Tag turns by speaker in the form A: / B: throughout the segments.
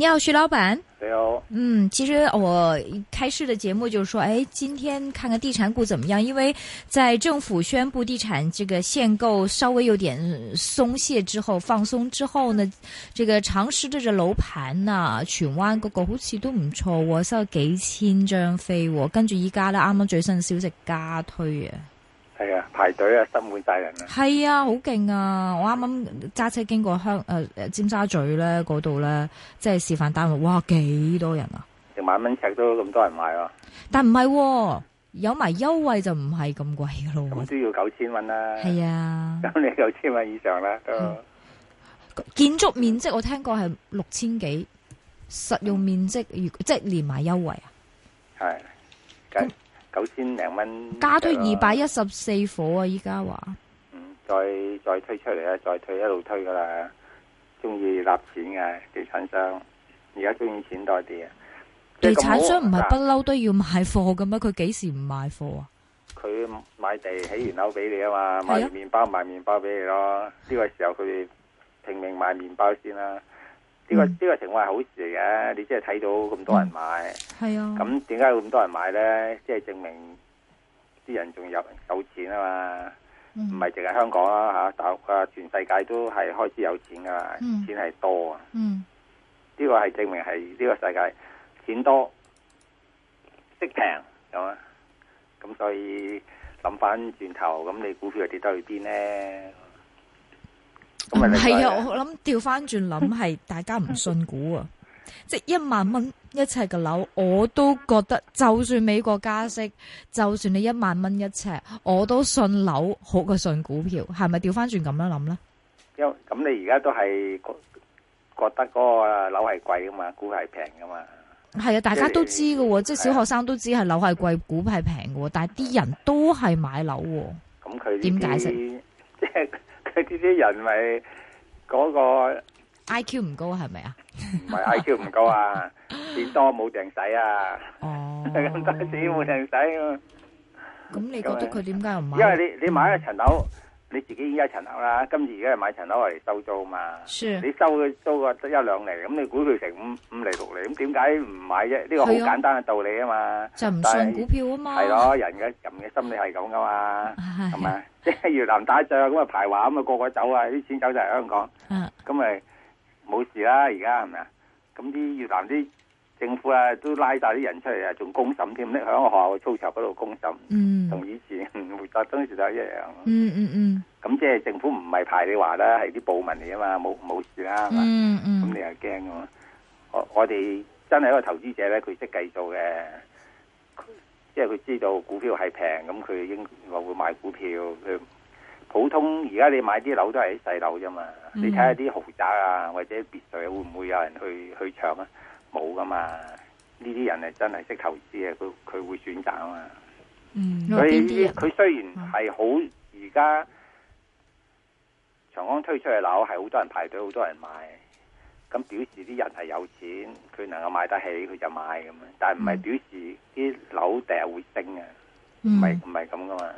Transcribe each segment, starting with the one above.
A: 你好，徐老闆。你好、哦。嗯，其實我一開始的節目就是說，哎，今天看看地產股怎麼樣？因為在政府宣布地產這個限購稍微有點鬆懈之後，放鬆之後呢，這個長實的這樓盤呐、啊，荃灣嗰個好似都唔錯，收幾千張飛。跟住依家咧，啱啱最新消息加推啊。
B: 係啊，排隊啊，塞滿晒
A: 人啊！係啊，好勁啊！我啱啱揸車經過香誒、呃、尖沙咀咧，嗰度咧，即係示範單位，哇，幾多人啊！
B: 成萬蚊尺都咁多人買啊！
A: 但唔係、啊，有埋優惠就唔係咁貴㗎咯。咁都
B: 要九千蚊啦。係啊，咁你九千蚊以上啦、嗯、
A: 建築面積我聽過係六千幾，實用面積，如、嗯、即係連埋優惠
B: 啊。係咁、啊。九千零蚊，加推二百
A: 一十四伙啊！依家話，嗯，
B: 再再推出嚟啊，再推一路推噶啦。中意納錢嘅地產商，而家中意錢多啲啊。地產商唔係不
A: 嬲都要賣貨嘅咩？佢幾時唔賣貨啊？
B: 佢買地起完樓俾你啊嘛，賣麵包賣麵包俾你咯。呢個時候佢哋拼命賣麵包先啦。呢個呢個情況係好事嚟嘅，你即係睇到咁多人買，係、嗯、啊，咁點解會咁多人買咧？即、就、係、是、證明啲人仲有有錢啊嘛，唔係淨係香港啊吓，大陸啊全世界都係開始有錢噶、嗯，錢係多啊，呢、嗯這個係證明係呢個世界錢多，息平，係嘛？咁所以諗翻轉頭，咁你股票跌得去邊咧？唔係啊！我
A: 諗調翻轉諗，係大家唔信股啊！ 即係一萬蚊一尺嘅樓，我都覺得就算美國加息，就算你一萬蚊一尺，我都信樓好過信股票。係咪調翻轉咁樣諗咧？
B: 因咁你而家都係覺得嗰個樓係貴噶嘛，股係平噶嘛？係啊，大家都
A: 知噶、啊就是，即係小學生都知係樓係貴，股係平噶，但係啲人都係買樓、啊。咁
B: 佢點解釋？即係。呢啲人咪嗰個 I Q 唔高係咪啊？唔係 I Q 唔高啊，錢 多冇定使啊！哦，咁多錢冇定使啊！
A: 咁你覺得佢點解唔買？因為你
B: 你買一層樓。 你自己依家層樓啦，今次而家買層樓嚟收租嘛？係。你收嘅租啊得一兩釐，咁你估佢成五五釐六釐，咁點解唔買啫？呢個好簡單嘅道理啊嘛。就唔信股票啊嘛。係咯，人嘅人嘅心理係咁噶嘛。係。係咪？即係越南打仗咁啊排華咁啊個個走啊啲錢走曬香港。嗯。咁咪冇事啦？而家係咪啊？咁啲越南啲政府啊都拉曬啲人出嚟啊，仲公審添，喺學校個操場嗰度公審。嗯。同以前。嗱，當時就一樣。嗯嗯嗯。咁即係政府唔係排你話啦，係啲部門嚟啊嘛，冇冇事啦。嗯嗯。咁你又驚噶嘛？我我哋真係一個投資者咧，佢識計數嘅，即係佢知道股票係平，咁佢應話會買股票。佢普通而家你買啲樓都係啲細樓啫嘛，嗯、
C: 你睇下啲
B: 豪宅啊或者別墅會唔會有人去去搶啊？冇噶嘛，呢啲人係真係識投資嘅，佢佢會選擇啊嘛。
C: 所以佢
B: 雖然係好，而家長江推出嘅樓係好多人排隊，好多人買的，咁表示啲人係有錢，佢能夠買得起，佢就買咁啊。但係唔係表示啲樓第日會升啊，
C: 唔係唔係
B: 咁噶嘛。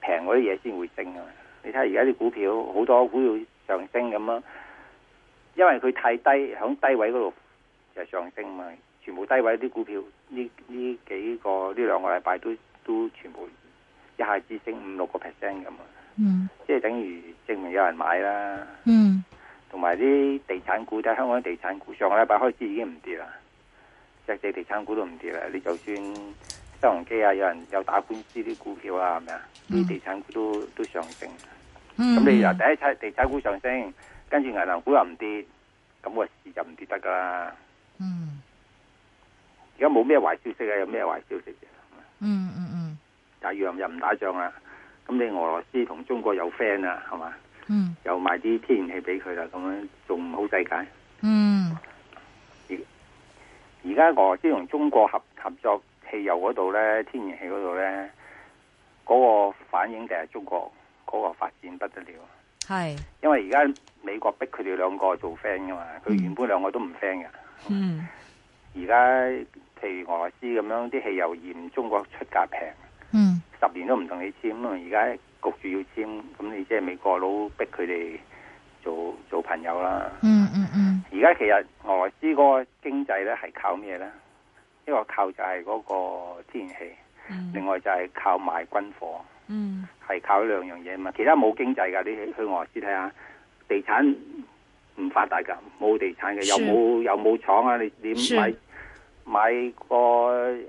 B: 平嗰啲嘢先會升噶。你睇下而家啲股票好多股票上升咁咯，因為佢太低響低位嗰度就上升嘛。全部低位啲股票呢呢幾個呢兩個禮拜都。都全部一下子升五六個 percent 咁啊！嗯，即係等於證明有人買啦。嗯，同埋啲地產股，睇香港地產股上禮拜開始已經唔跌啦，實際地產股都唔跌啦。你就算收紅機啊，有人有打官司啲股票啊，係咪啊？啲地產股都都上升。
C: 咁你又第一產
B: 地產股上升，跟住銀行股又唔跌，咁個市就唔跌得噶啦。嗯，而家冇咩壞消息啊？有咩壞消息啫、啊？嗯嗯。打仗又唔打仗啦，咁你俄羅斯同中國有 friend 啦，係嘛？嗯，又賣啲天然氣俾佢啦，咁樣仲好世界。嗯。而而家俄羅斯同中國合合作汽油嗰度咧，天然氣嗰度咧，嗰個反應嘅係中國嗰個發展不得了。
C: 係。
B: 因為而家美國逼佢哋兩個做 friend 噶嘛，佢原本兩個都唔 friend 嘅。嗯。而家譬如俄羅斯咁樣啲汽油嫌中國出價平。十年都唔同你簽啊！而家焗住要簽，咁你即係美國佬逼佢哋做做朋友啦。嗯嗯嗯。而、嗯、家其實俄羅斯個經濟咧係靠咩咧？一個靠就係嗰個天然氣，嗯、另外就係靠賣軍火。嗯，係靠兩樣嘢嘛。其他冇經濟㗎，你去俄羅斯睇下，地產唔發達㗎，冇地產嘅，有冇又冇廠啊！你點買買個誒？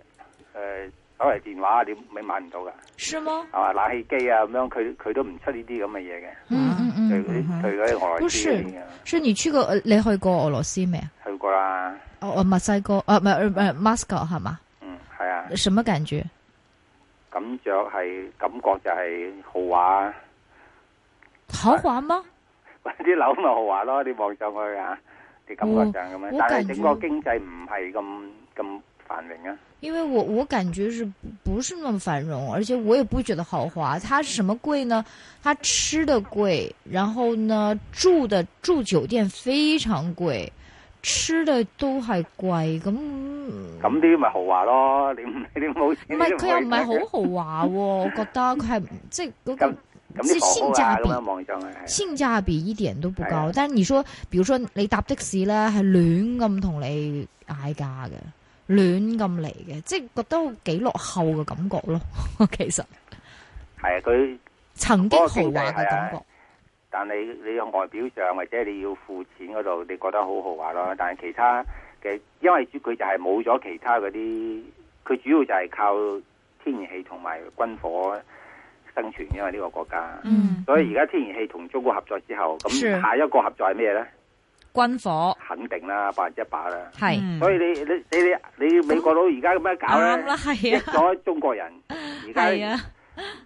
B: 呃攞嚟電話你咪買唔到噶，係嘛，冷氣機啊咁樣，佢佢都唔出呢啲咁嘅嘢嘅。嗯嗯嗯，佢佢嗰啲外。不是，
C: 所
A: 以你去過你去過俄羅斯未啊？
B: 去過啦。
A: 哦，墨西哥、呃呃、莫斯科，哦唔係唔係，Moscow 係嘛？嗯，係啊。什麼感覺？
B: 感覺係感覺就係豪華。豪華嗎？啲樓咪豪華咯，你望上去啊，你感覺就咁樣。哦、但係整個經濟唔係咁咁繁榮啊。
A: 因為我我感覺是不是那麼繁榮，而且我也不覺得豪華。它是什麼貴呢？它吃的貴，然後呢住的住酒店非常貴，吃的都係貴咁。
B: 咁啲咪豪華咯？你你冇唔係佢又唔係好
A: 豪華，哦， 我覺得佢係即係
B: 嗰個即、就是、性價比性
A: 價比一點都不高。但係你說，比如說你搭的士咧，係亂咁同你嗌價嘅。亂咁嚟嘅，即係覺得幾落後嘅感覺咯。其實
B: 係啊，佢曾經豪華嘅感覺，但係你，你外表上或者你要付錢嗰度，你覺得好豪華咯。但係其他嘅，因為佢就係冇咗其他嗰啲，佢主要就係靠天然氣同埋軍火生存，因為呢個國家。嗯。所以而家天然氣同中國合作之後，咁下一個合作係咩呢？軍火肯定啦，百分之一百啦。係、嗯，所以你你你你美國佬而家咁樣搞啦，激、哦、咗、啊、中國人。而家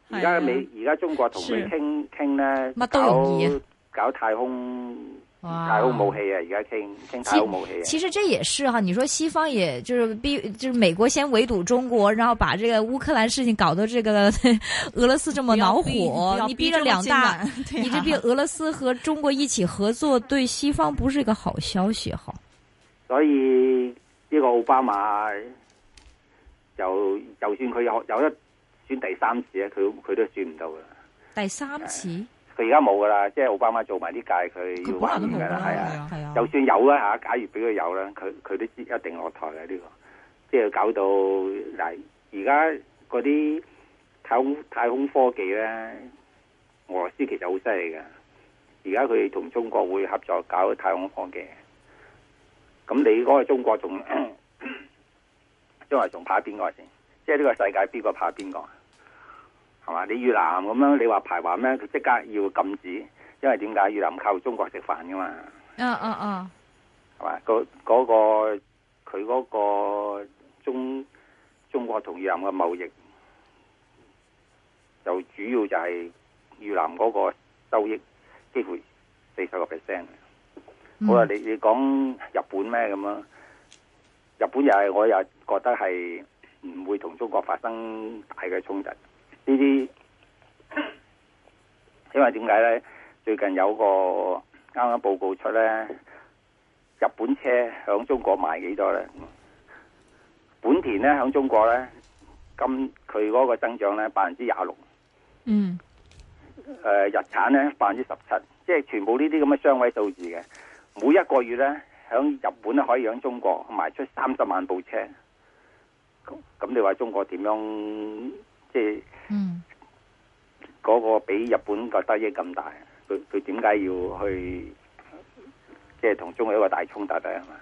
B: 而家美而家中國同佢傾傾咧，乜都容易、啊、搞太空。大號武器啊！而家傾傾大號武器啊！其實
A: 這也是哈、啊，你說西方也就是逼，就是美國先圍堵中國，然後把這個烏克蘭事情搞得這個俄羅斯這麼惱火，
D: 你逼了兩大，你這逼
A: 俄羅斯和中國一起合作，對西方不是一個好消息哈。
B: 所以這個奧巴馬就就算佢有有一選第三次咧，佢佢都選唔到啦。
A: 第三次。
B: 佢而家冇噶啦，即係奧巴馬做埋啲屆，佢要玩完噶啦，係啊，係啊。啊就算有啦嚇，假如俾佢有啦，佢佢都知一定落台嘅呢個，即係搞到嗱，而家嗰啲太空太空科技咧，俄羅斯其實好犀利嘅。而家佢同中國會合作搞太空科技，咁你嗰個中國仲，將來仲怕邊個先？即係呢個世界邊個怕邊個？係嘛？你越南咁樣，你話排華咩？佢即刻要禁止，因為點解越南靠中國食飯噶嘛？
C: 嗯嗯嗯，係、啊、嘛？
B: 嗰、啊、嗰、嗰個佢嗰個中中國同越南嘅貿易，就主要就係越南嗰個收益，幾乎四十個 percent。好啦、嗯、你你講日本咩咁樣？日本又係我又覺得係唔會同中國發生大嘅衝突。呢啲，因為點解呢？最近有個啱啱報告出呢，日本車響中國賣幾多呢？本田呢響中國呢，咁佢嗰個增長呢，百分之廿六。嗯。誒，日產呢，百分之十七，即係全部呢啲咁嘅雙位數字嘅。每一個月呢，響日本可以響中國賣出三十萬部車。咁咁，你話中國點樣？即係嗰個比日本個收益，咁大，佢佢點解要去即係同中國一個大衝突咧？係嘛？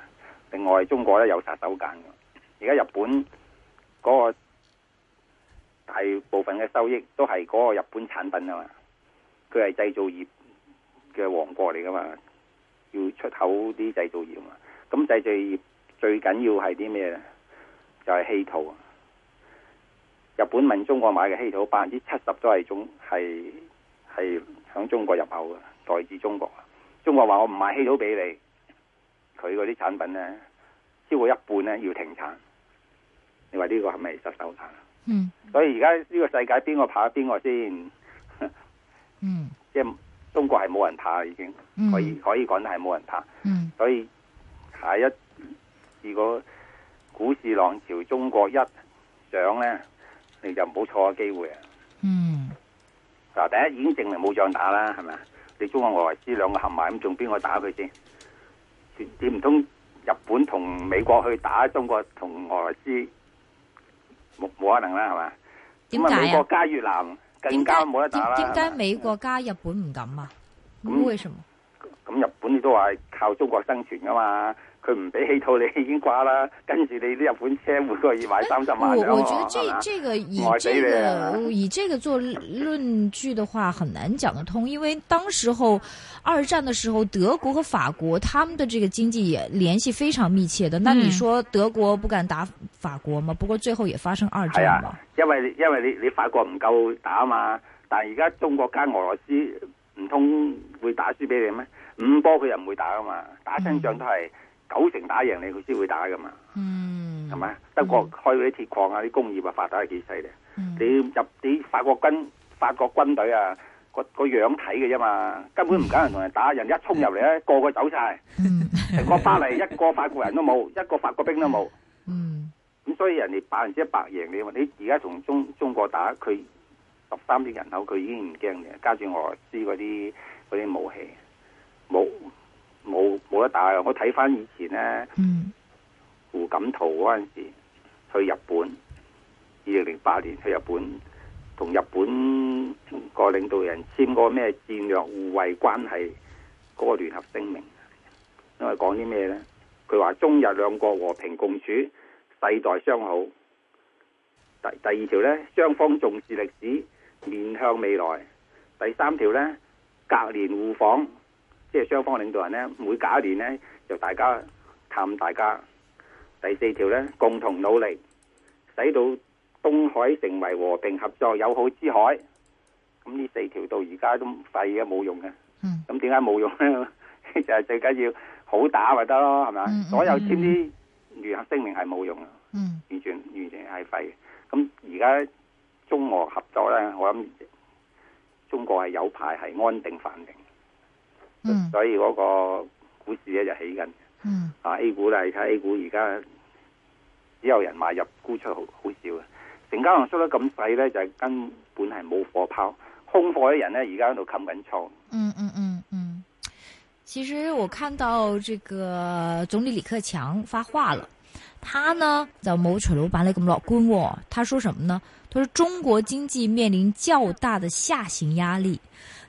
B: 另外中國咧有殺手鐧，而家日本嗰個大部分嘅收益都係嗰個日本產品啊嘛，佢係製造業嘅王國嚟噶嘛要出口啲製造業嘛，咁製造業最緊要係啲咩咧？就係、是、稀土。日本問中國買嘅稀土，百分之七十都係中係係響中國入口嘅，代自中國啊！中國話我唔賣稀土俾你，佢嗰啲產品咧超過一半咧要停產，你話呢個係咪實受產？嗯，所以而家呢個世界邊個怕邊個先？嗯，即係中國係冇人怕已經可，可以可以講得係冇人怕。嗯，所以下一如果股市浪潮中國一漲咧。你就唔好錯
C: 過
B: 機會啊！嗯，嗱，第一已經證明冇仗打啦，係咪？你中國俄羅斯兩個合埋，咁仲邊個打佢先？點唔通日本同美國去打中國同俄羅斯？冇冇可能啦，係嘛？點解？美國加越南更加冇得打啦。點
A: 解美國加日本唔
B: 敢啊？咁為什麼？咁日本你都話靠中國生存噶嘛？佢唔俾氣套你，已經掛啦。跟住你啲日本車每、啊這個以買三十萬我覺得俾你啊！以這個
A: 以這個做論據的話，難講得通。因為當時候二戰的時候，德國和法國，他們的這個經濟也聯繫非常密切的。嗯、那，你說德國不敢打法國嗎？不過最後也發生二戰嘛、啊。
B: 因為因為你你法國唔夠打嘛。但而家中國加俄羅斯唔通會打輸俾你咩？五波佢又唔會打啊嘛。打勝仗都係。嗯九成打贏你，佢先會打㗎嘛？係、嗯、咪？德國開嗰啲鐵礦啊，啲、嗯、工業啊發達係幾犀利？你入啲法國軍、法國軍隊啊，個個樣睇嘅啫嘛，根本唔敢同人打、嗯，人一沖入嚟咧，個個走晒。成、嗯、個巴黎 一個法國人都冇，一個法國兵都冇。咁、嗯、所以人哋百分之一百贏你嘛？你而家同中中國打，佢十三億人口，佢已經唔驚嘅，加上俄羅斯啲嗰啲武器。冇啦，但係我睇翻以前咧，胡錦濤嗰陣時去日本，二零零八年去日本同日本個領導人簽個咩戰略互惠關係嗰個聯合聲明，因為講啲咩呢？佢話中日兩國和平共處，世代相好。第第二條呢，雙方重視歷史，面向未來。第三條呢，隔年互訪。即係雙方領導人呢，每隔一年呢，就大家探大家。第四條呢，共同努力，使到東海成為和平合作友好之海。咁呢四條到而家都廢嘅，冇用嘅。嗯。咁點解冇用呢？ 就係最緊要好打咪得咯，係咪？嗯嗯、所有簽啲聯合聲明係冇用嘅，嗯，完全完全係廢嘅。咁而家中俄合作呢，我諗中國係有排係安定繁榮。所以嗰個股市咧就起緊，嗯，啊 A 股啦，而家 A 股而家只有人買入沽出，好好少嘅，成交量縮得咁細咧，就根本係冇貨拋，空貨啲人咧而家喺度冚緊倉。嗯嗯嗯
A: 嗯，其實我看到這個總理李克強發話了，他呢就冇徐老闆你咁樂觀喎，他說什麼呢？他說中國經濟面臨較大的下行壓力。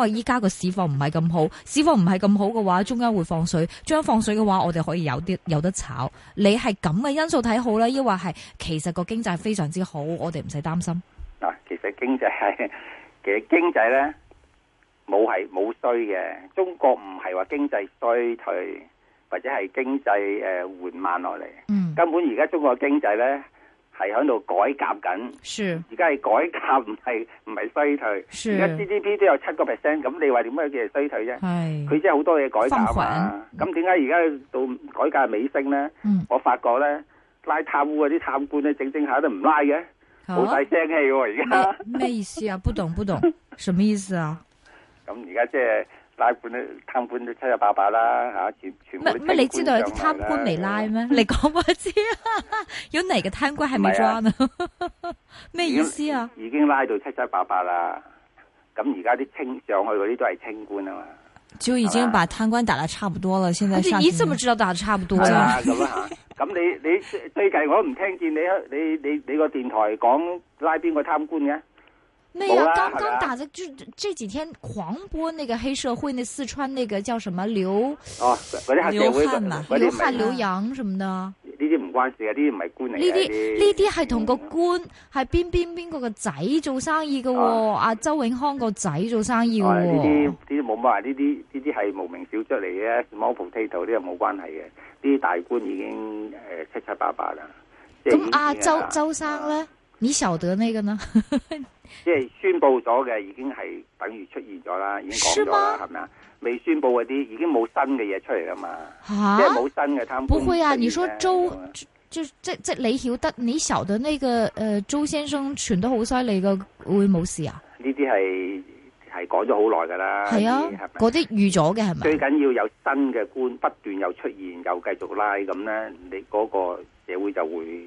A: 因為依家個市況唔係咁好，市況唔係咁好嘅話，中間會放水，將放水嘅話，我哋可以有啲有得炒。你係咁嘅因素睇好啦，抑或係其實個經濟非常之好，我哋唔使擔心
B: 嗱。其實經濟係其實經濟咧冇係冇衰嘅，中國唔係話經濟衰退或者係經濟誒緩慢落嚟，嗯，根本而家中國的經濟咧。係喺度改革緊，而家係改革唔係唔係衰退，而家 GDP 都有七個 percent，咁你話點解叫係衰退啫？佢真係好多嘢改革啊！咁點解而家到改革尾聲咧？我發覺咧拉貪污嗰啲貪官咧，整整下都唔拉嘅，好大聲氣喎！而家
A: 咩意思啊？不懂不懂，什麼意思啊？
B: 咁而家即係。拉判咧，貪官都七七八八啦嚇，全全部啲官乜乜，你知道有啲貪官未
A: 拉咩？ 你講我知啊。有哪個貪官係
B: 未抓呢
D: 啊？
A: 咩 意思啊已？
B: 已經拉到七七八八啦。咁而家啲清上去嗰啲都係清官啊嘛。
D: 就已經把貪官打得差唔多啦。現在你，
B: 你
A: 怎
D: 麼知道打得差唔多
A: 啊？咁啊嚇，
B: 咁你你最近我都唔聽見你你你你個電台講拉邊個貪官嘅？咩啊？剛剛打咗
A: 就這幾天狂播那個黑社會，那四川那個叫什麼劉
B: 劉漢嘛，劉漢、啊、劉漢劉洋什麼的。呢啲唔關事啊，呢啲唔係官嚟嘅。呢啲呢
A: 啲係同個官係邊邊邊個個仔做生意嘅、哦，阿、啊啊、周永康個仔做生意嘅、哦。呢
B: 啲呢啲冇乜，呢啲呢啲係無名小卒嚟嘅，small potato 呢又冇關係嘅。呢啲大官已經誒、呃、七七八八啦。咁阿、啊啊、周周
A: 生咧、啊，你曉得那個呢？
B: 即係宣佈咗嘅，已經係等於出現咗啦，已經講咗啦，係咪啊？未宣佈嗰啲已經冇新嘅嘢出嚟噶嘛，啊、即係冇新嘅貪官。不會啊，你說周，
A: 即係即係你曉得，你曉得呢、嗰個誒、呃、周先生傳得好犀利噶，會冇事啊？
B: 呢啲係係講咗好耐噶啦，係啊，嗰啲
A: 預咗嘅係咪？
B: 最緊要有新嘅官不斷又出現又繼續拉咁咧，你嗰、嗰個社會就會。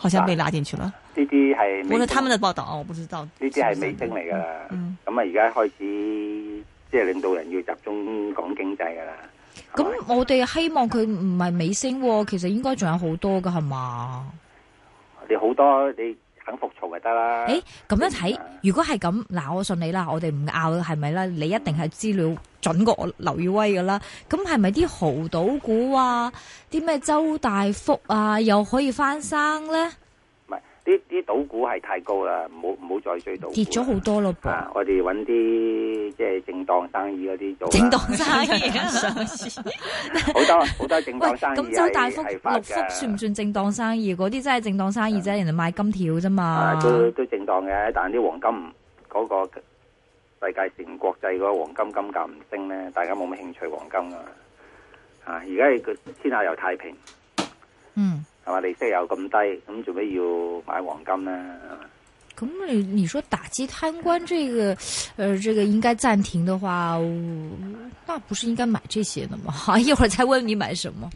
D: 好像被拉進去了。
B: 呢啲係我說他們
D: 的報道啊，我不知道。呢啲係尾聲
B: 嚟噶啦，咁啊而家開始即係領導人要集中講經濟噶啦。
A: 咁、嗯、我哋希望佢唔係尾聲，哦，其實應該仲有好多噶係嘛。
B: 你好多你。等復仇咪得
A: 啦！誒，咁樣睇，如果係咁，嗱，我信你啦，我哋唔拗係咪啦？你一定係資料準過我劉以威噶啦。咁係咪啲豪賭股啊？啲咩周大福啊，又可以翻生咧？
B: 啲啲賭股係太高啦，唔好唔好再追到。跌咗好多咯。噃、啊，我哋搵啲即係正當生意嗰啲做。正當
A: 生意
B: 好、啊、 多好多正當生意。咁周大福、六福算
A: 唔算正當生意？嗰啲真係正當生意啫，人哋買金條啫嘛。都
B: 都正當嘅，但係啲黃金嗰、嗰個世界性國際個黃金金價唔升咧，大家冇乜興趣黃金啊！啊，而家個天下又太平。嗯。係嘛？利息有咁低，咁做咩要買黃金呢？
A: 咁你你說打擊貪官這個，呃，這個應該暫停的話，那不是應該買這些的嗎？啊，一會兒再問你買什麼。